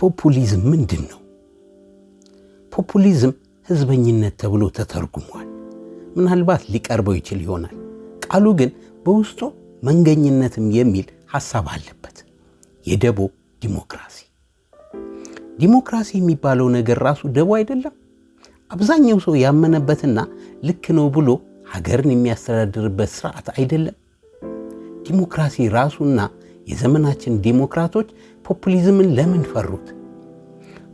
ፖፑሊዝም ምንድን ነው? ፖፑሊዝም ህዝበኝነት ተብሎ ተተርጉሟል። ምናልባት ሊቀርበው ይችል ይሆናል። ቃሉ ግን በውስጡ መንገኝነትም የሚል ሐሳብ አለበት። የደቦ ዲሞክራሲ ዲሞክራሲ የሚባለው ነገር ራሱ ደቦ አይደለም። አብዛኛው ሰው ያመነበትና ልክ ነው ብሎ ሀገርን የሚያስተዳድርበት ስርዓት አይደለም። ዲሞክራሲ ራሱና የዘመናችን ዲሞክራቶች ፖፑሊዝምን ለምን ፈሩት?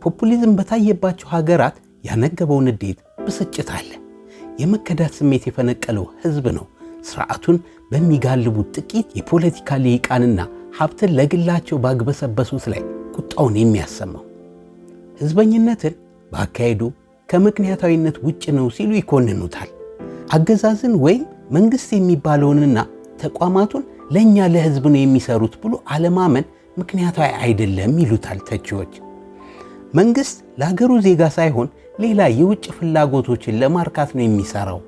ፖፑሊዝም በታየባቸው ሀገራት ያነገበውን ንዴት፣ ብስጭት አለ። የመከዳት ስሜት የፈነቀለው ህዝብ ነው ስርዓቱን በሚጋልቡ ጥቂት የፖለቲካ ሊቃንና ሀብትን ለግላቸው ባግበሰበሱት ላይ ቁጣውን የሚያሰማው። ህዝበኝነትን በአካሄዱ ከምክንያታዊነት ውጭ ነው ሲሉ ይኮንኑታል። አገዛዝን ወይም መንግሥት የሚባለውንና ተቋማቱን ለእኛ ለህዝብ ነው የሚሰሩት ብሎ አለማመን ምክንያታዊ አይደለም ይሉታል ተቺዎች። መንግስት ለሀገሩ ዜጋ ሳይሆን ሌላ የውጭ ፍላጎቶችን ለማርካት ነው የሚሰራው።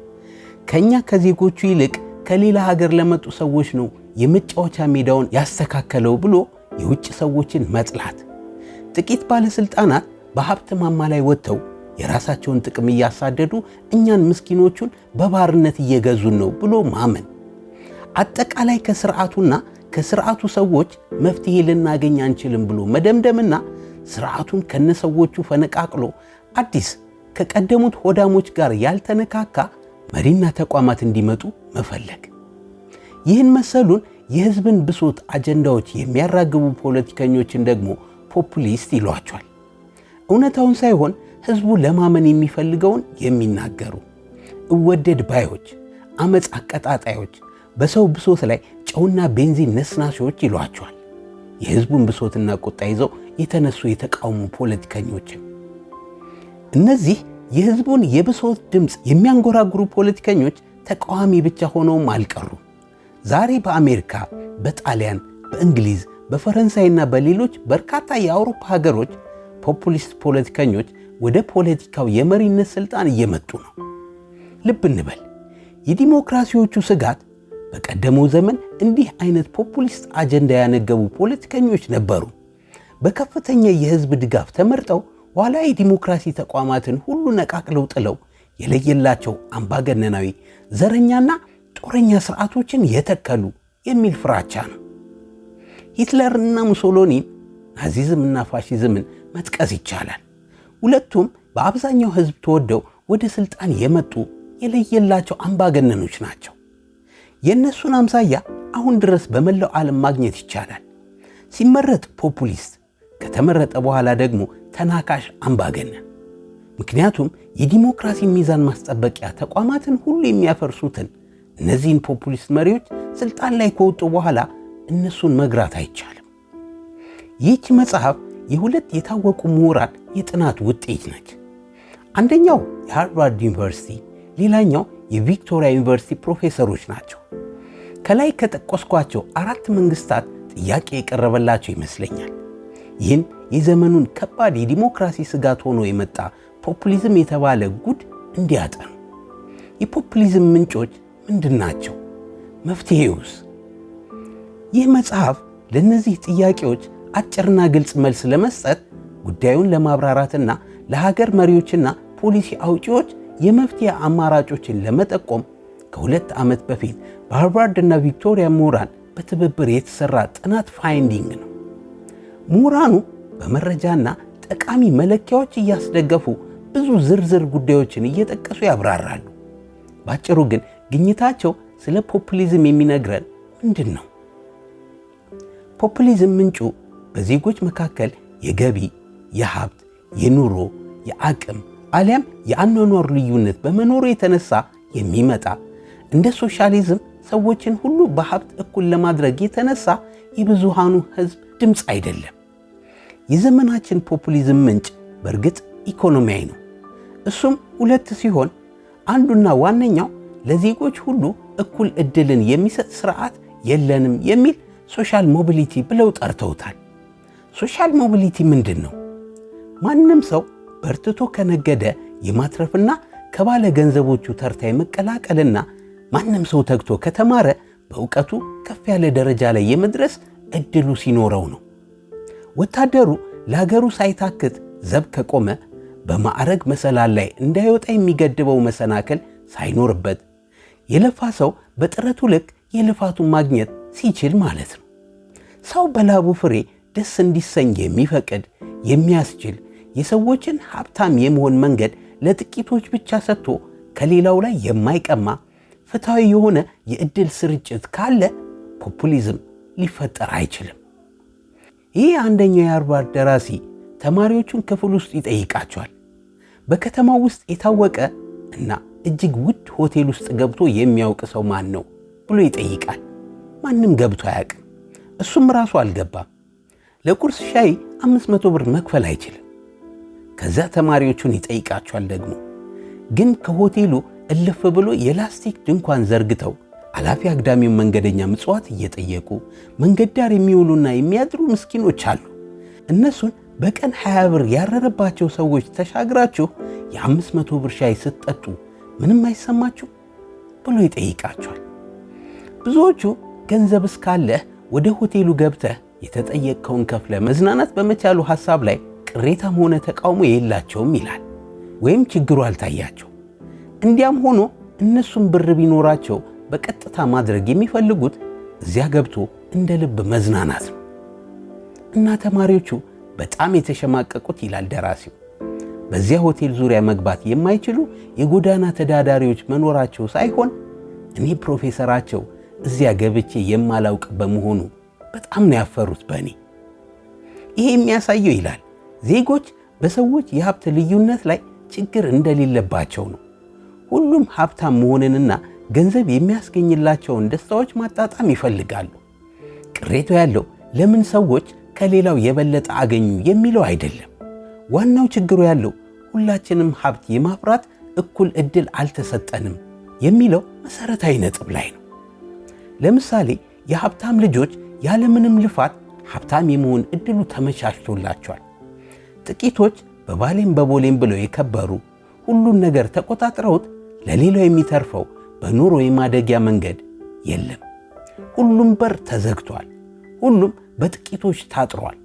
ከእኛ ከዜጎቹ ይልቅ ከሌላ ሀገር ለመጡ ሰዎች ነው የመጫወቻ ሜዳውን ያስተካከለው ብሎ የውጭ ሰዎችን መጥላት። ጥቂት ባለሥልጣናት በሀብት ማማ ላይ ወጥተው የራሳቸውን ጥቅም እያሳደዱ እኛን ምስኪኖቹን በባርነት እየገዙን ነው ብሎ ማመን። አጠቃላይ ከስርዓቱና ከስርዓቱ ሰዎች መፍትሄ ልናገኝ አንችልም ብሎ መደምደምና ስርዓቱን ከነሰዎቹ ፈነቃቅሎ አዲስ ከቀደሙት ሆዳሞች ጋር ያልተነካካ መሪና ተቋማት እንዲመጡ መፈለግ። ይህን መሰሉን የህዝብን ብሶት አጀንዳዎች የሚያራግቡ ፖለቲከኞችን ደግሞ ፖፑሊስት ይሏቸዋል። እውነታውን ሳይሆን ህዝቡ ለማመን የሚፈልገውን የሚናገሩ እወደድ ባዮች፣ አመፅ አቀጣጣዮች፣ በሰው ብሶት ላይ ጨውና ቤንዚን ነስናሾች ይሏቸዋል። የህዝቡን ብሶትና ቁጣ ይዘው የተነሱ የተቃውሞ ፖለቲከኞችን። እነዚህ የህዝቡን የብሶት ድምፅ የሚያንጎራጉሩ ፖለቲከኞች ተቃዋሚ ብቻ ሆነውም አልቀሩ። ዛሬ በአሜሪካ፣ በጣሊያን፣ በእንግሊዝ፣ በፈረንሳይና በሌሎች በርካታ የአውሮፓ ሀገሮች ፖፑሊስት ፖለቲከኞች ወደ ፖለቲካው የመሪነት ስልጣን እየመጡ ነው። ልብ እንበል፣ የዲሞክራሲዎቹ ስጋት በቀደመው ዘመን እንዲህ አይነት ፖፑሊስት አጀንዳ ያነገቡ ፖለቲከኞች ነበሩ። በከፍተኛ የህዝብ ድጋፍ ተመርጠው ኋላ የዲሞክራሲ ተቋማትን ሁሉ ነቃቅለው ጥለው የለየላቸው አምባገነናዊ ዘረኛና ጦረኛ ስርዓቶችን የተከሉ የሚል ፍራቻ ነው። ሂትለርና ሙሶሎኒን፣ ናዚዝምና ፋሺዝምን መጥቀስ ይቻላል። ሁለቱም በአብዛኛው ህዝብ ተወደው ወደ ስልጣን የመጡ የለየላቸው አምባገነኖች ናቸው። የእነሱን አምሳያ አሁን ድረስ በመላው ዓለም ማግኘት ይቻላል። ሲመረጥ ፖፑሊስት፣ ከተመረጠ በኋላ ደግሞ ተናካሽ አምባገነን። ምክንያቱም የዲሞክራሲ ሚዛን ማስጠበቂያ ተቋማትን ሁሉ የሚያፈርሱትን እነዚህን ፖፑሊስት መሪዎች ስልጣን ላይ ከወጡ በኋላ እነሱን መግራት አይቻልም። ይህች መጽሐፍ የሁለት የታወቁ ምሁራን የጥናት ውጤት ነች። አንደኛው የሃርቫርድ ዩኒቨርሲቲ፣ ሌላኛው የቪክቶሪያ ዩኒቨርሲቲ ፕሮፌሰሮች ናቸው። ከላይ ከጠቀስኳቸው አራት መንግስታት ጥያቄ የቀረበላቸው ይመስለኛል። ይህም የዘመኑን ከባድ የዲሞክራሲ ስጋት ሆኖ የመጣ ፖፑሊዝም የተባለ ጉድ እንዲያጠኑ። የፖፑሊዝም ምንጮች ምንድን ናቸው? መፍትሄውስ? ይህ መጽሐፍ ለእነዚህ ጥያቄዎች አጭርና ግልጽ መልስ ለመስጠት ጉዳዩን ለማብራራትና ለሀገር መሪዎችና ፖሊሲ አውጪዎች የመፍትሄ አማራጮችን ለመጠቆም ከሁለት ዓመት በፊት በሃርቫርድ እና ቪክቶሪያ ምሁራን በትብብር የተሠራ ጥናት ፋይንዲንግ ነው። ምሁራኑ በመረጃና ጠቃሚ መለኪያዎች እያስደገፉ ብዙ ዝርዝር ጉዳዮችን እየጠቀሱ ያብራራሉ። ባጭሩ ግን ግኝታቸው ስለ ፖፑሊዝም የሚነግረን ምንድን ነው? ፖፑሊዝም ምንጩ በዜጎች መካከል የገቢ፣ የሀብት፣ የኑሮ፣ የአቅም አሊያም የአኗኗር ልዩነት በመኖሩ የተነሳ የሚመጣ እንደ ሶሻሊዝም ሰዎችን ሁሉ በሀብት እኩል ለማድረግ የተነሳ የብዙሃኑ ሕዝብ ድምፅ አይደለም። የዘመናችን ፖፑሊዝም ምንጭ በእርግጥ ኢኮኖሚያዊ ነው። እሱም ሁለት ሲሆን አንዱና ዋነኛው ለዜጎች ሁሉ እኩል እድልን የሚሰጥ ስርዓት የለንም የሚል ሶሻል ሞቢሊቲ ብለው ጠርተውታል። ሶሻል ሞቢሊቲ ምንድን ነው? ማንም ሰው በርትቶ ከነገደ የማትረፍና ከባለ ገንዘቦቹ ተርታ የመቀላቀልና ማንም ሰው ተግቶ ከተማረ በእውቀቱ ከፍ ያለ ደረጃ ላይ የመድረስ እድሉ ሲኖረው ነው። ወታደሩ ለሀገሩ ሳይታክት ዘብ ከቆመ በማዕረግ መሰላል ላይ እንዳይወጣ የሚገድበው መሰናክል ሳይኖርበት የለፋ ሰው በጥረቱ ልክ የልፋቱን ማግኘት ሲችል ማለት ነው። ሰው በላቡ ፍሬ ደስ እንዲሰኝ የሚፈቅድ የሚያስችል የሰዎችን ሀብታም የመሆን መንገድ ለጥቂቶች ብቻ ሰጥቶ ከሌላው ላይ የማይቀማ ፍትሐዊ የሆነ የእድል ስርጭት ካለ ፖፑሊዝም ሊፈጠር አይችልም። ይህ አንደኛው የሃርቫርድ ደራሲ ተማሪዎቹን ክፍል ውስጥ ይጠይቃቸዋል። በከተማው ውስጥ የታወቀ እና እጅግ ውድ ሆቴል ውስጥ ገብቶ የሚያውቅ ሰው ማን ነው ብሎ ይጠይቃል። ማንም ገብቶ አያውቅም። እሱም ራሱ አልገባም። ለቁርስ ሻይ አምስት መቶ ብር መክፈል አይችልም። ከዛ ተማሪዎቹን ይጠይቃቸዋል ደግሞ ግን ከሆቴሉ እልፍ ብሎ የላስቲክ ድንኳን ዘርግተው አላፊ አግዳሚውን መንገደኛ ምጽዋት እየጠየቁ መንገድ ዳር የሚውሉና የሚያድሩ ምስኪኖች አሉ። እነሱን በቀን 20 ብር ያረረባቸው ሰዎች ተሻግራችሁ የ500 ብር ሻይ ስትጠጡ ምንም አይሰማችሁ ብሎ ይጠይቃቸዋል። ብዙዎቹ ገንዘብ እስካለህ ወደ ሆቴሉ ገብተህ የተጠየቅከውን ከፍለ መዝናናት በመቻሉ ሐሳብ ላይ ቅሬታም ሆነ ተቃውሞ የላቸውም ይላል። ወይም ችግሩ አልታያቸው። እንዲያም ሆኖ እነሱም ብር ቢኖራቸው በቀጥታ ማድረግ የሚፈልጉት እዚያ ገብቶ እንደ ልብ መዝናናት ነው እና ተማሪዎቹ በጣም የተሸማቀቁት ይላል ደራሲው። በዚያ ሆቴል ዙሪያ መግባት የማይችሉ የጎዳና ተዳዳሪዎች መኖራቸው ሳይሆን እኔ ፕሮፌሰራቸው እዚያ ገብቼ የማላውቅ በመሆኑ በጣም ነው ያፈሩት በእኔ። ይሄ የሚያሳየው ይላል ዜጎች በሰዎች የሀብት ልዩነት ላይ ችግር እንደሌለባቸው ነው። ሁሉም ሀብታም መሆንንና ገንዘብ የሚያስገኝላቸውን ደስታዎች ማጣጣም ይፈልጋሉ። ቅሬታው ያለው ለምን ሰዎች ከሌላው የበለጠ አገኙ የሚለው አይደለም። ዋናው ችግሩ ያለው ሁላችንም ሀብት የማፍራት እኩል እድል አልተሰጠንም የሚለው መሰረታዊ ነጥብ ላይ ነው። ለምሳሌ የሀብታም ልጆች ያለምንም ልፋት ሀብታም የመሆን እድሉ ተመቻችቶላቸዋል። ጥቂቶች በባሌም በቦሌም ብለው የከበሩ ሁሉን ነገር ተቆጣጥረውት ለሌላው የሚተርፈው በኑሮ የማደጊያ መንገድ የለም። ሁሉም በር ተዘግቷል። ሁሉም በጥቂቶች ታጥሯል።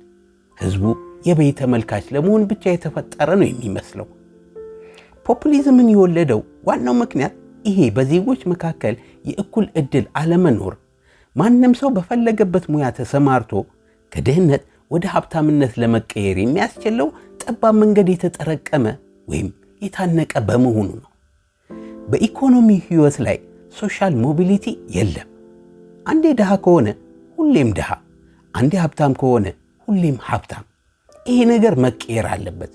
ህዝቡ የበይ ተመልካች ለመሆን ብቻ የተፈጠረ ነው የሚመስለው። ፖፑሊዝምን የወለደው ዋናው ምክንያት ይሄ በዜጎች መካከል የእኩል ዕድል አለመኖር፣ ማንም ሰው በፈለገበት ሙያ ተሰማርቶ ከድህነት ወደ ሀብታምነት ለመቀየር የሚያስችለው ጠባብ መንገድ የተጠረቀመ ወይም የታነቀ በመሆኑ ነው። በኢኮኖሚ ህይወት ላይ ሶሻል ሞቢሊቲ የለም። አንዴ ድሃ ከሆነ ሁሌም ድሃ፣ አንዴ ሀብታም ከሆነ ሁሌም ሀብታም። ይሄ ነገር መቀየር አለበት።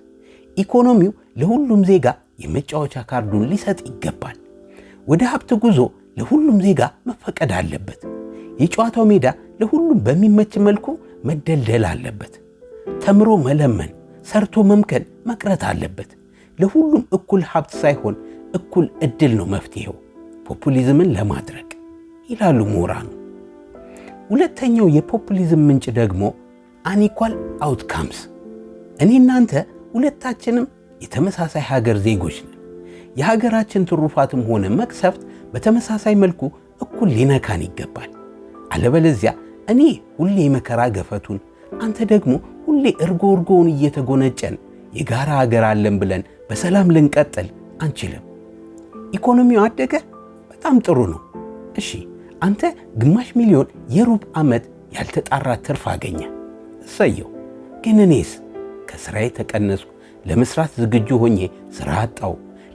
ኢኮኖሚው ለሁሉም ዜጋ የመጫወቻ ካርዱን ሊሰጥ ይገባል። ወደ ሀብት ጉዞ ለሁሉም ዜጋ መፈቀድ አለበት። የጨዋታው ሜዳ ለሁሉም በሚመች መልኩ መደልደል አለበት። ተምሮ መለመን፣ ሰርቶ መምከን መቅረት አለበት። ለሁሉም እኩል ሀብት ሳይሆን እኩል እድል ነው መፍትሄው ፖፑሊዝምን ለማድረግ ይላሉ ምሁራኑ። ሁለተኛው የፖፑሊዝም ምንጭ ደግሞ አኒኳል አውትካምስ፣ እኔ እናንተ ሁለታችንም የተመሳሳይ ሀገር ዜጎች ነን። የሀገራችን ትሩፋትም ሆነ መቅሰፍት በተመሳሳይ መልኩ እኩል ሊነካን ይገባል። አለበለዚያ እኔ ሁሌ መከራ ገፈቱን፣ አንተ ደግሞ ሁሌ እርጎ እርጎውን እየተጎነጨን የጋራ ሀገር አለን ብለን በሰላም ልንቀጥል አንችልም። ኢኮኖሚው አደገ፣ በጣም ጥሩ ነው። እሺ አንተ ግማሽ ሚሊዮን የሩብ ዓመት ያልተጣራ ትርፍ አገኘ፣ እሰየው። ግን እኔስ ከስራዬ ተቀነስኩ፣ ለመስራት ዝግጁ ሆኜ ስራ አጣው፣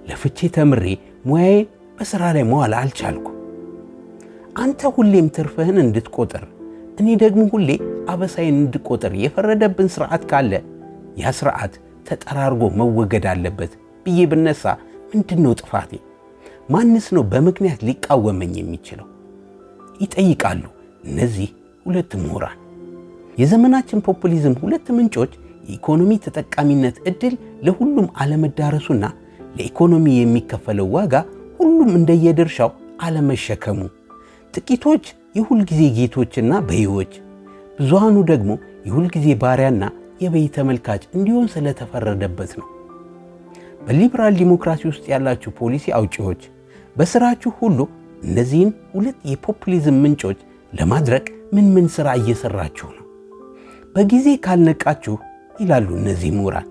ለፍቼ ተምሬ ሙያዬ በስራ ላይ መዋል አልቻልኩ። አንተ ሁሌም ትርፍህን እንድትቆጥር እኔ ደግሞ ሁሌ አበሳይን እንድቆጥር የፈረደብን ስርዓት ካለ ያ ሥርዓት ተጠራርጎ መወገድ አለበት ብዬ ብነሳ ምንድን ነው ጥፋቴ? ማንስ ነው በምክንያት ሊቃወመኝ የሚችለው? ይጠይቃሉ እነዚህ ሁለት ምሁራን። የዘመናችን ፖፑሊዝም ሁለት ምንጮች የኢኮኖሚ ተጠቃሚነት እድል ለሁሉም አለመዳረሱና ለኢኮኖሚ የሚከፈለው ዋጋ ሁሉም እንደየድርሻው አለመሸከሙ፣ ጥቂቶች የሁልጊዜ ጌቶችና በይዎች፣ ብዙሃኑ ደግሞ የሁልጊዜ ባሪያና የበይ ተመልካች እንዲሆን ስለተፈረደበት ነው። በሊበራል ዲሞክራሲ ውስጥ ያላችሁ ፖሊሲ አውጪዎች በስራችሁ ሁሉ እነዚህን ሁለት የፖፑሊዝም ምንጮች ለማድረቅ ምን ምን ስራ እየሰራችሁ ነው? በጊዜ ካልነቃችሁ ይላሉ እነዚህ ምሁራን።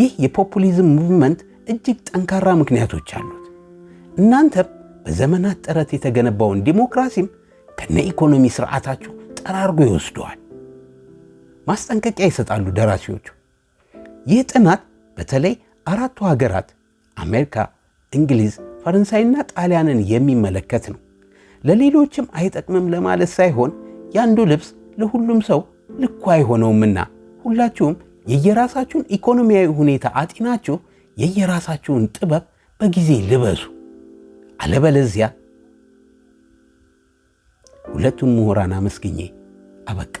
ይህ የፖፑሊዝም ሙቭመንት እጅግ ጠንካራ ምክንያቶች አሉት። እናንተም በዘመናት ጥረት የተገነባውን ዲሞክራሲም ከነ ኢኮኖሚ ስርዓታችሁ ጠራርጎ ይወስደዋል። ማስጠንቀቂያ ይሰጣሉ ደራሲዎቹ። ይህ ጥናት በተለይ አራቱ ሀገራት አሜሪካ፣ እንግሊዝ ፈረንሳይና ጣሊያንን የሚመለከት ነው። ለሌሎችም አይጠቅምም ለማለት ሳይሆን የአንዱ ልብስ ለሁሉም ሰው ልኩ አይሆነውምና ሁላችሁም የየራሳችሁን ኢኮኖሚያዊ ሁኔታ አጢናችሁ የየራሳችሁን ጥበብ በጊዜ ልበሱ። አለበለዚያ ሁለቱን ምሁራን አመስግኜ አበቃ።